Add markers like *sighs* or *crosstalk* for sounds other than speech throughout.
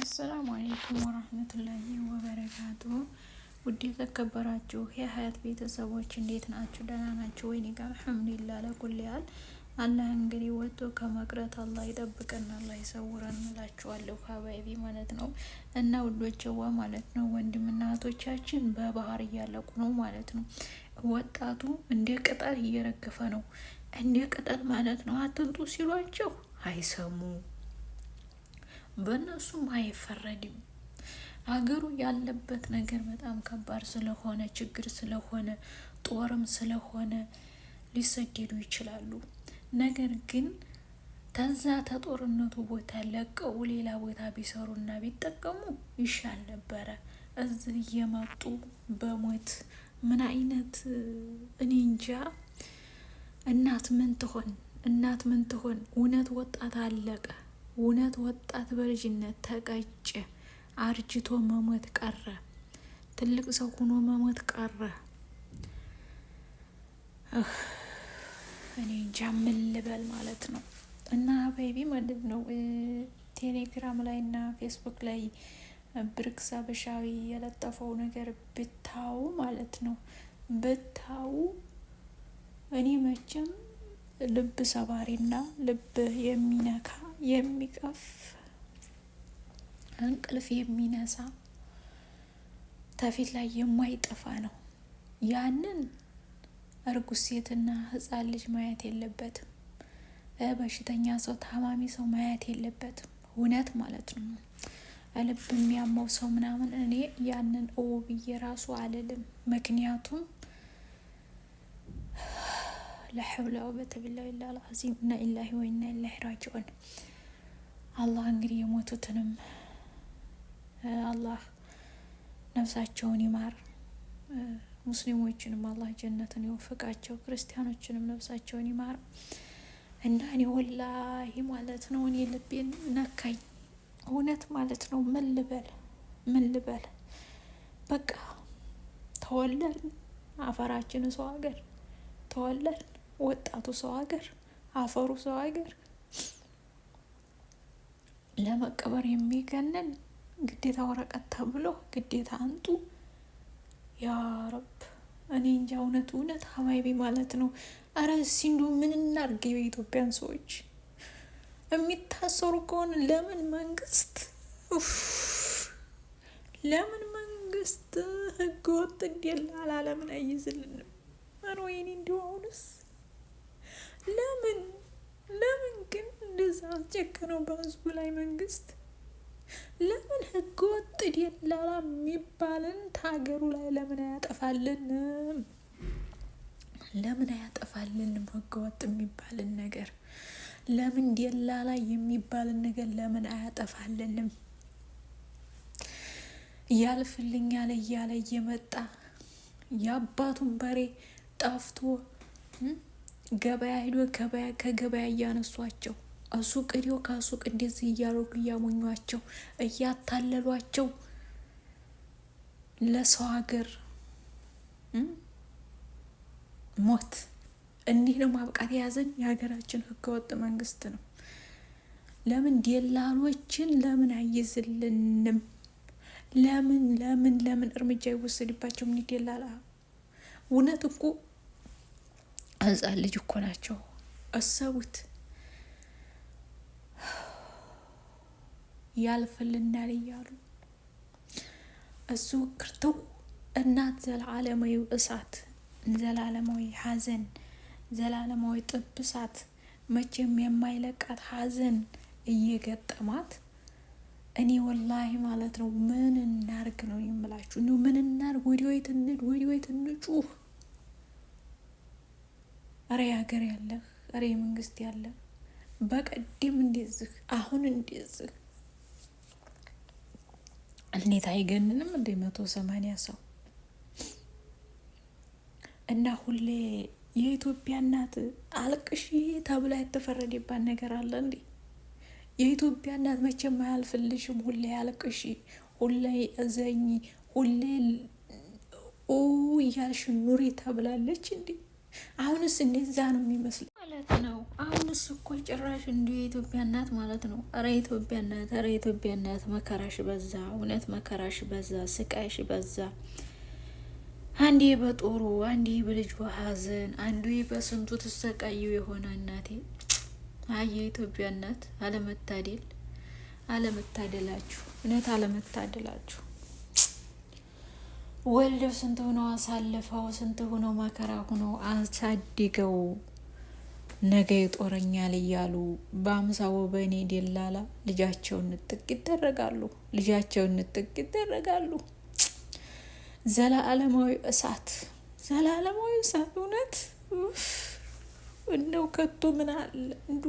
አሰላሙ አሌይኩም ወራህመቱላሂ ወበረካቱ። ውድ የተከበራችሁ የሀያት ቤተሰቦች እንዴት ናችሁ? ደህና ናችሁ ወይ? እኔ ጋር አልሐምዱሊላህ ለኩል ያህል አላህ እንግዲህ ወጥቶ ከመቅረት አላህ ይጠብቀን፣ አላህ ይሰውረን እላችኋለሁ። ሀባይቢ ማለት ነው እና ውዶችዋ ማለት ነው ወንድምና እህቶቻችን በባህር እያለቁ ነው ማለት ነው። ወጣቱ እንደ ቅጠል እየረገፈ ነው፣ እንደ ቅጠል ማለት ነው። አትንጡ ሲሏቸው አይሰሙም በእነሱም አይፈረድም። አገሩ ያለበት ነገር በጣም ከባድ ስለሆነ ችግር ስለሆነ ጦርም ስለሆነ ሊሰደዱ ይችላሉ። ነገር ግን ተዛ ተጦርነቱ ቦታ ለቀው ሌላ ቦታ ቢሰሩና ቢጠቀሙ ይሻል ነበረ። እዚህ እየመጡ በሞት ምን አይነት እኔ እንጃ። እናት ምን ትሆን እናት ምን ትሆን? እውነት ወጣት አለቀ እውነት ወጣት በልጅነት ተቀጨ፣ አርጅቶ መሞት ቀረ፣ ትልቅ ሰው ሆኖ መሞት ቀረ። እኔ እንጃ ምን ልበል ማለት ነው። እና ቤቢ ማለት ነው ቴሌግራም ላይ እና ፌስቡክ ላይ ብርክስ አበሻዊ የለጠፈው ነገር ብታው ማለት ነው ብታው እኔ መቼም ልብ ሰባሪና ልብ የሚነካ የሚቀፍ እንቅልፍ የሚነሳ ተፊት ላይ የማይጠፋ ነው። ያንን እርጉዝ ሴትና ህፃን ልጅ ማየት የለበትም። በሽተኛ ሰው፣ ታማሚ ሰው ማየት የለበትም። እውነት ማለት ነው። ልብ የሚያመው ሰው ምናምን እኔ ያንን እው ብዬ ራሱ አልልም። ምክንያቱም ለሐውላ ወበተ ቢላሂ ላልአዚም እና ኢላሂ ወኢና ኢላሂ ራጅዑን። አላህ እንግዲህ የሞቱትንም አላህ ነፍሳቸውን ይማር፣ ሙስሊሞችንም አላህ ጀነትን ይወፍቃቸው፣ ክርስቲያኖችንም ነፍሳቸውን ይማር እና እኔ ወላሂ ማለት ነው እኔ ልቤን ነካኝ እውነት ማለት ነው። ምን ልበል ምን ልበል በቃ ተወለድን አፈራችን ሰው ሀገር ተወለድን። ወጣቱ ሰው ሀገር፣ አፈሩ ሰው ሀገር ለመቀበር የሚገነን ግዴታ ወረቀት ተብሎ ግዴታ አንጡ። ያ ረብ እኔ እንጃ እውነት እውነት ሀማይቤ ማለት ነው። አረ ሲንዱ ምን እናድርግ? የኢትዮጵያን ሰዎች የሚታሰሩ ከሆነ ለምን መንግስት ለምን መንግስት ህገ ወጥ እንዲላ አላለምን አይዝልንም? አን ወይኔ እንዲሁ አሁንስ ለምን ለምን ግን እንደዛ አስጨከነው በህዝቡ ላይ መንግስት? ለምን ህገ ወጥ ደላላ የሚባልን ታገሩ ላይ ለምን አያጠፋልንም? ለምን አያጠፋልንም? ህገ ወጥ የሚባልን ነገር ለምን ደላላ የሚባልን ነገር ለምን አያጠፋልንም? ያልፍልኛል እያለ እየመጣ የአባቱን በሬ ጠፍቶ ገበያ ሄዶ ገበያ ከገበያ እያነሷቸው ሱቅ ሄዶ ከሱቅ እንደዚህ እያደረጉ እያሞኟቸው እያታለሏቸው ለሰው ሀገር ሞት እንዲህ ነው ማብቃት የያዘን የሀገራችን ህገወጥ መንግስት ነው። ለምን ዴላኖችን ለምን አይዝልንም? ለምን ለምን ለምን እርምጃ ይወሰድባቸው? ምን ደላላ እውነት እኮ ህፃን ልጅ እኮ ናቸው። አሰቡት ያልፍልናል እያሉ እሱ ክርተው እናት ዘላለማዊ እሳት፣ ዘላለማዊ ሀዘን ዘላለማዊ ጥብሳት መቼም የማይለቃት ሀዘን እየገጠማት እኔ ወላሂ ማለት ነው ምን እናርግ ነው የምላችሁ? ምን እናርግ? ወዲወይ ትንድ ወዲወይ ትንጩህ ኧረ ሀገር ያለህ ኧረ የመንግስት ያለህ በቀደም እንደዚህ አሁን እንደዚህ እንዴት አይገንንም? እንደ መቶ ሰማንያ ሰው እና ሁሌ የኢትዮጵያ እናት አልቅሺ ተብላ የተፈረደባት ነገር አለ እንዴ? የኢትዮጵያ እናት መቼም አያልፍልሽም። ሁሌ አልቅሺ፣ ሁሌ እዘኝ፣ ሁሌ ኡ እያልሽ ኑሪ ተብላለች እንዴ? አሁንስ እንደዛ ነው የሚመስል ማለት ነው። አሁንስ እኮ ጭራሽ እንዲሁ የኢትዮጵያ እናት ማለት ነው። ኧረ ኢትዮጵያ እናት፣ ኧረ ኢትዮጵያ እናት፣ መከራሽ በዛ፣ እውነት መከራሽ በዛ፣ ስቃይሽ በዛ። አንዴ በጦሩ አንዴ በልጅ ሀዘን አንዱ በስንቱ ትሰቃዩ የሆነ እናቴ። አይ የኢትዮጵያ እናት አለመታደል፣ አለመታደላችሁ፣ እውነት አለመታደላችሁ። ወልደው ስንት ሆኖ አሳልፈው ስንት ሆኖ መከራ ሆኖ አሳድገው ነገ ይጦረኛል እያሉ በአምሳው በእኔ ደላላ ልጃቸውን ንጥቅ ይደረጋሉ። ልጃቸውን ንጥቅ ይደረጋሉ። ዘላለማዊ እሳት፣ ዘላለማዊ እሳት። እውነት እንደው ከቶ ምን አለ እንዱ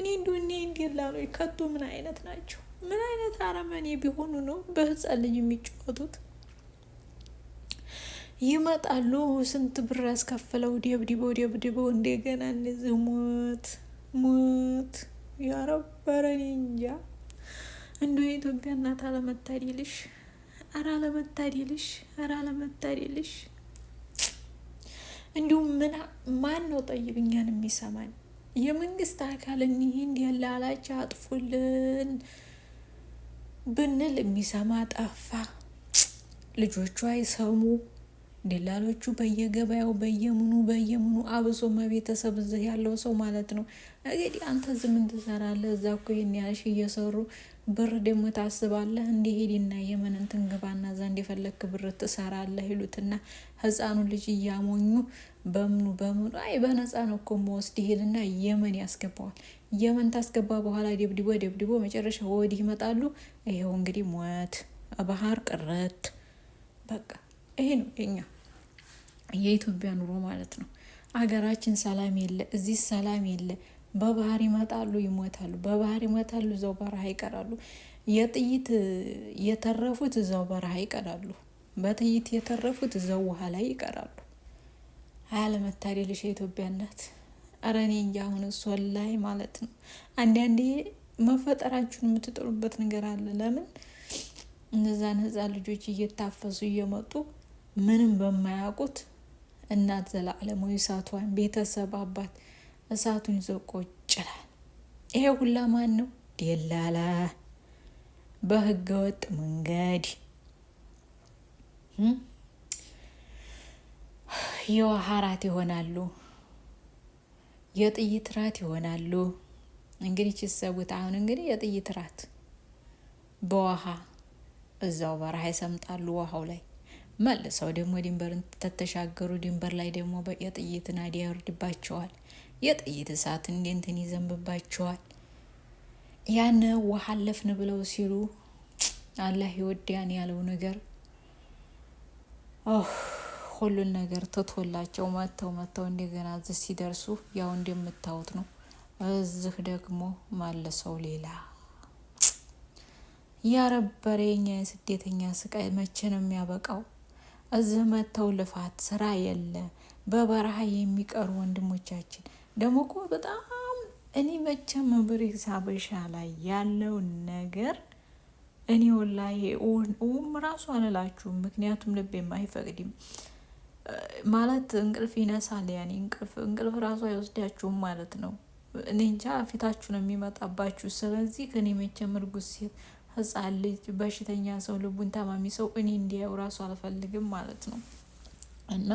እኔ እንዱ እኔ ደላሎች ከቶ ምን አይነት ናቸው? ምን አይነት አረመኔ ቢሆኑ ነው በህፃን ልጅ የሚጫወቱት? ይመጣሉ። ስንት ብር ያስከፍለው ደብድበው ደብድበው እንደገና እነዚህ ሞት ሞት ያረበረን እንጃ። እንዶ የኢትዮጵያ እናት አለመታደልሽ፣ ኧረ አለመታደልሽ፣ ኧረ አለመታደልሽ። እንዲሁም ምን ማን ነው ጠይቅ እኛን የሚሰማን የመንግስት አካል እኒህን የላላች አጥፉልን ብንል የሚሰማ ጠፋ። ልጆቿ አይሰሙ። ደላሎቹ በየገበያው በየምኑ በየምኑ አብሶ መቤተሰብ እዚህ ያለው ሰው ማለት ነው። እንግዲህ አንተ እዚህ ምን ትሰራለህ? እዛ እኮ ይህን ያልሽ እየሰሩ ብር ደግሞ ታስባለህ። እንዲህ ሄድና የመን እንትን ግባና እዛ እንደፈለክ ብር ትሰራለህ ይሉትና ህፃኑ ልጅ እያሞኙ በምኑ በምኑ አይ በነፃ ነው እኮ መወስድ ይሄድና የመን ያስገባዋል። የመን ታስገባ በኋላ ደብድቦ ደብድቦ መጨረሻ ወዲህ ይመጣሉ። ይኸው እንግዲህ ሞት ባህር ቅረት በቃ ይሄ ነው የኛ የኢትዮጵያ ኑሮ ማለት ነው። አገራችን ሰላም የለ፣ እዚህ ሰላም የለ። በባህር ይመጣሉ፣ ይሞታሉ። በባህር ይመጣሉ እዛው በረሃ ይቀራሉ። የጥይት የተረፉት እዛው በረሃ ይቀራሉ። በጥይት የተረፉት እዛው ውሃ ላይ ይቀራሉ። አለመታደልሽ የኢትዮጵያ እናት። ኧረ እኔ እንጃ። አሁን ላይ ማለት ነው አንዳንዴ መፈጠራችሁን የምትጥሩበት ነገር አለ። ለምን እነዛን ህፃን ልጆች እየታፈሱ እየመጡ ምንም በማያውቁት እናት ዘላለማዊ እሳቷን፣ ቤተሰብ አባት እሳቱን ይዞ ቁጭ ይላል። ይሄ ሁላ ማን ነው? ደላላ በህገወጥ መንገድ የውሃ ራት ይሆናሉ፣ የጥይት ራት ይሆናሉ። እንግዲህ ችሰቡት አሁን እንግዲህ የጥይት ራት በውሃ እዛው በረሃ ይሰምጣሉ ውሃው ላይ መልሰው ደግሞ ድንበርን ተተሻገሩ። ድንበር ላይ ደግሞ የጥይት ናዳ ያወርድባቸዋል። የጥይት እሳት እንዴንትን ይዘንብባቸዋል። ያን ውሃ አለፍን ብለው ሲሉ አላህ ይወዳያን ያለው ነገር ሁሉን ነገር ትቶላቸው መጥተው መጥተው እንደገና እዚህ ሲደርሱ ያው እንደምታዩት ነው። እዚህ ደግሞ መልሰው ሌላ ያረበሬኛ የስደተኛ ስቃይ መቼ ነው የሚያበቃው? እዚህ መጥተው ልፋት ስራ የለ በበረሃ የሚቀሩ ወንድሞቻችን ደግሞ እኮ በጣም እኔ መቼም ብሬክስ ሳበሻ ላይ ያለው ነገር እኔ ወላሂ ውም ራሱ አልላችሁም። ምክንያቱም ልቤም አይፈቅድም ማለት እንቅልፍ ይነሳል። ያኔ እንቅልፍ እንቅልፍ ራሱ አይወስዳችሁም ማለት ነው። እኔ እንጃ ፊታችሁ ነው የሚመጣባችሁ። ስለዚህ ከኔ መቼም እርጉዝ ሴት ህፃን ልጅ በሽተኛ ሰው ልቡን ታማሚ ሰው እኔ እንዲያው ራሱ አልፈልግም ማለት ነው። እና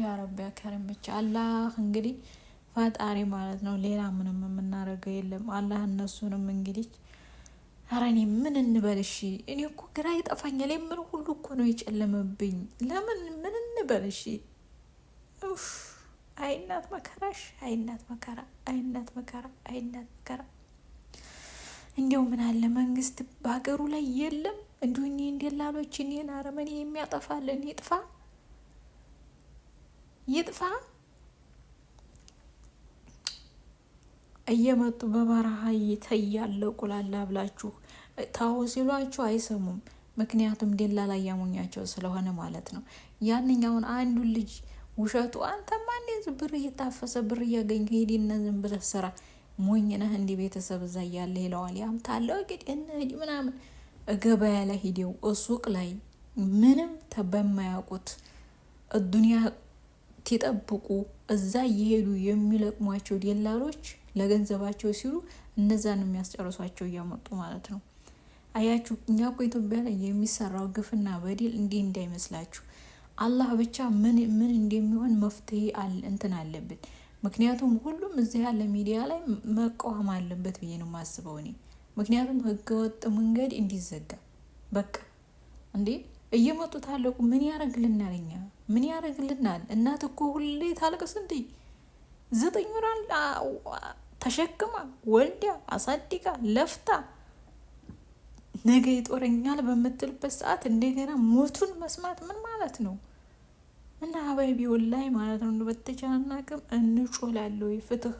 የአረቢያ *sighs* ከረም ብቻ አላህ እንግዲህ ፈጣሪ ማለት ነው። ሌላ ምንም የምናደርገው የለም። አላህ እነሱንም እንግዲህ ኧረ እኔ ምን እንበል እሺ? እኔ እኮ ግራ ይጠፋኛል። የምን ሁሉ እኮ ነው የጨለመብኝ። ለምን ምን እንበል እሺ? አይናት መከራሽ፣ አይናት መከራ፣ አይናት መከራ፣ አይናት መከራ እንዲያው ምን አለ መንግስት በሀገሩ ላይ የለም እንዲሁ እኔ እንደላሎች እኔን አረመኔ የሚያጠፋልን ይጥፋ ይጥፋ። እየመጡ በበረሃ እየተያለቁ ቁላላ ብላችሁ ታው ሲሏችሁ አይሰሙም። ምክንያቱም ደላላ እያሞኛቸው ስለሆነ ማለት ነው። ያንኛውን አንዱ ልጅ ውሸቱ አንተማ እንዴት ብር እየታፈሰ ብር እያገኘ ሄድ እነዚህን ብለህ ስራ ሞኝ ነህ እንዲህ ቤተሰብ እዛ እያለ ይለዋል። ያምታለው እንግዲህ ምናምን ገበያ ላይ ሂደው እሱቅ ላይ ምንም በማያውቁት ዱኒያ ሲጠብቁ እዛ እየሄዱ የሚለቅሟቸው ደላሎች ለገንዘባቸው ሲሉ እነዛን የሚያስጨርሷቸው እያመጡ ማለት ነው። አያችሁ እኛ እኮ ኢትዮጵያ ላይ የሚሰራው ግፍና በደል እንዲህ እንዳይመስላችሁ። አላህ ብቻ ምን ምን እንደሚሆን መፍትሄ እንትን አለብን። ምክንያቱም ሁሉም እዚህ ያለ ሚዲያ ላይ መቃወም አለበት ብዬ ነው የማስበው እኔ። ምክንያቱም ህገወጥ መንገድ እንዲዘጋ በቃ እንዴ እየመጡ ታለቁ ምን ያደርግልናል? እኛ ምን ያደርግልናል? እናት እኮ ሁሌ ታልቅ እንዴ ዘጠኝ ተሸክማ ወልዲያ አሳድጋ ለፍታ ነገ ይጦረኛል በምትልበት ሰዓት እንደገና ሞቱን መስማት ምን ማለት ነው? እና አባይ ቢሆን ላይ ማለት ነው በተቻለን አቅም እንጮላለው። ፍትህ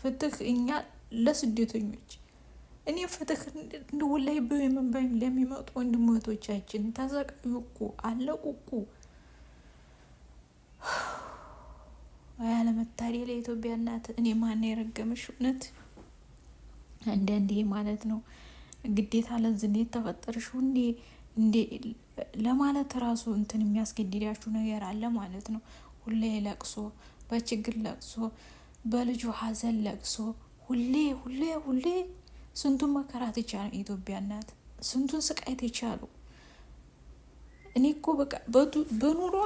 ፍትህ፣ እኛ ለስደተኞች እኔ ፍትህ እንድውላይ በመንባይ ለሚመጡ ወንድሞቶቻችን ተሰቃዩ እኮ አለቁ እኮ ያለመታደል ለኢትዮጵያ እናት። እኔ ማን የረገመሽ እውነት አንዳንዴ ማለት ነው ግዴታ ለዝኔ ተፈጠርሽ ሁኔ ለማለት ራሱ እንትን የሚያስገድዳችሁ ነገር አለ ማለት ነው። ሁሌ ለቅሶ፣ በችግር ለቅሶ፣ በልጁ ሀዘን ለቅሶ፣ ሁሌ ሁሌ ሁሌ ስንቱን መከራ ትቻል ኢትዮጵያ ናት። ስንቱን ስቃይ ትቻሉ። እኔ እኮ በቃ በኑሯ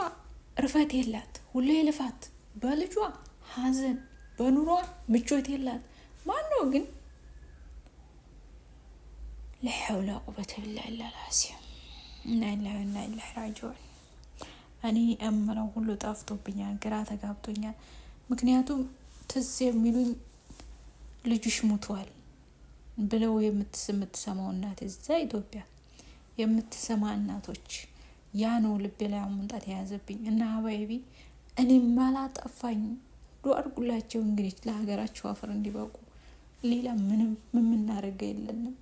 እርፈት የላት ሁሌ ልፋት፣ በልጇ ሀዘን፣ በኑሯ ምቾት የላት ማን ነው ግን ለሐውላ ቁበት ብላ እናላህ ላ ራጅዋል እኔ እምነው ሁሉ ጠፍቶብኛል፣ ግራ ተጋብቶኛል። ምክንያቱም ትዝ የሚሉኝ ልጅሽ ሙቷል ብለው የምትሰማው እናት እዛ ኢትዮጵያ የምትሰማ እናቶች ያ ነው ልቤ ላይ አሙንጣት የያዘብኝ እና አባይቢ እኔ አላጠፋኝ ዱ አድርጉላቸው እንግዲህ ለሀገራቸው አፈር እንዲበቁ ሌላ ምንም የምናደርገው የለንም።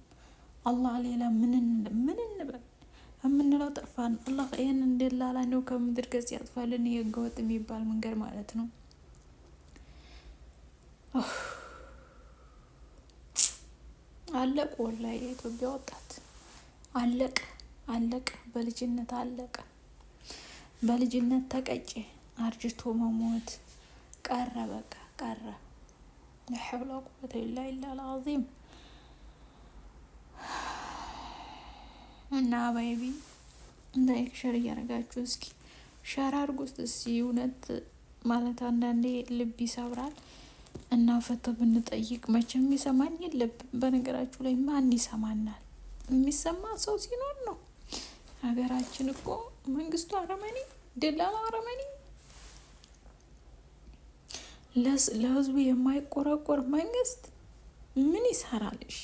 አላህ ሌላ ምን እንበል የምንለው ጠፋን። አላህ ይህን እንደላላ ነው ከምድር ገጽ ያጥፋልን። የህገወጥ የሚባል መንገድ ማለት ነው። አለቅ ወላሂ የኢትዮጵያ ወጣት አለቅ አለቅ በልጅነት አለቀ። በልጅነት ተቀጭ አርጅቶ መሞት ቀረ። በቃ ቀረ። ላ ሐውላ ኢላ አዚም እና አባይቢ ላይክ ሸር እያደረጋችሁ እስኪ ሸር አድርጉ እስኪ። እውነት ማለት አንዳንዴ ልብ ይሰብራል እና ፈቶ ብንጠይቅ መቼም የሚሰማን የለም። በነገራችሁ ላይ ማን ይሰማናል? የሚሰማ ሰው ሲኖር ነው። ሀገራችን እኮ መንግስቱ አረመኔ፣ ደላላ አረመኔ፣ ለህዝቡ የማይቆረቆር መንግስት ምን ይሰራልሽ?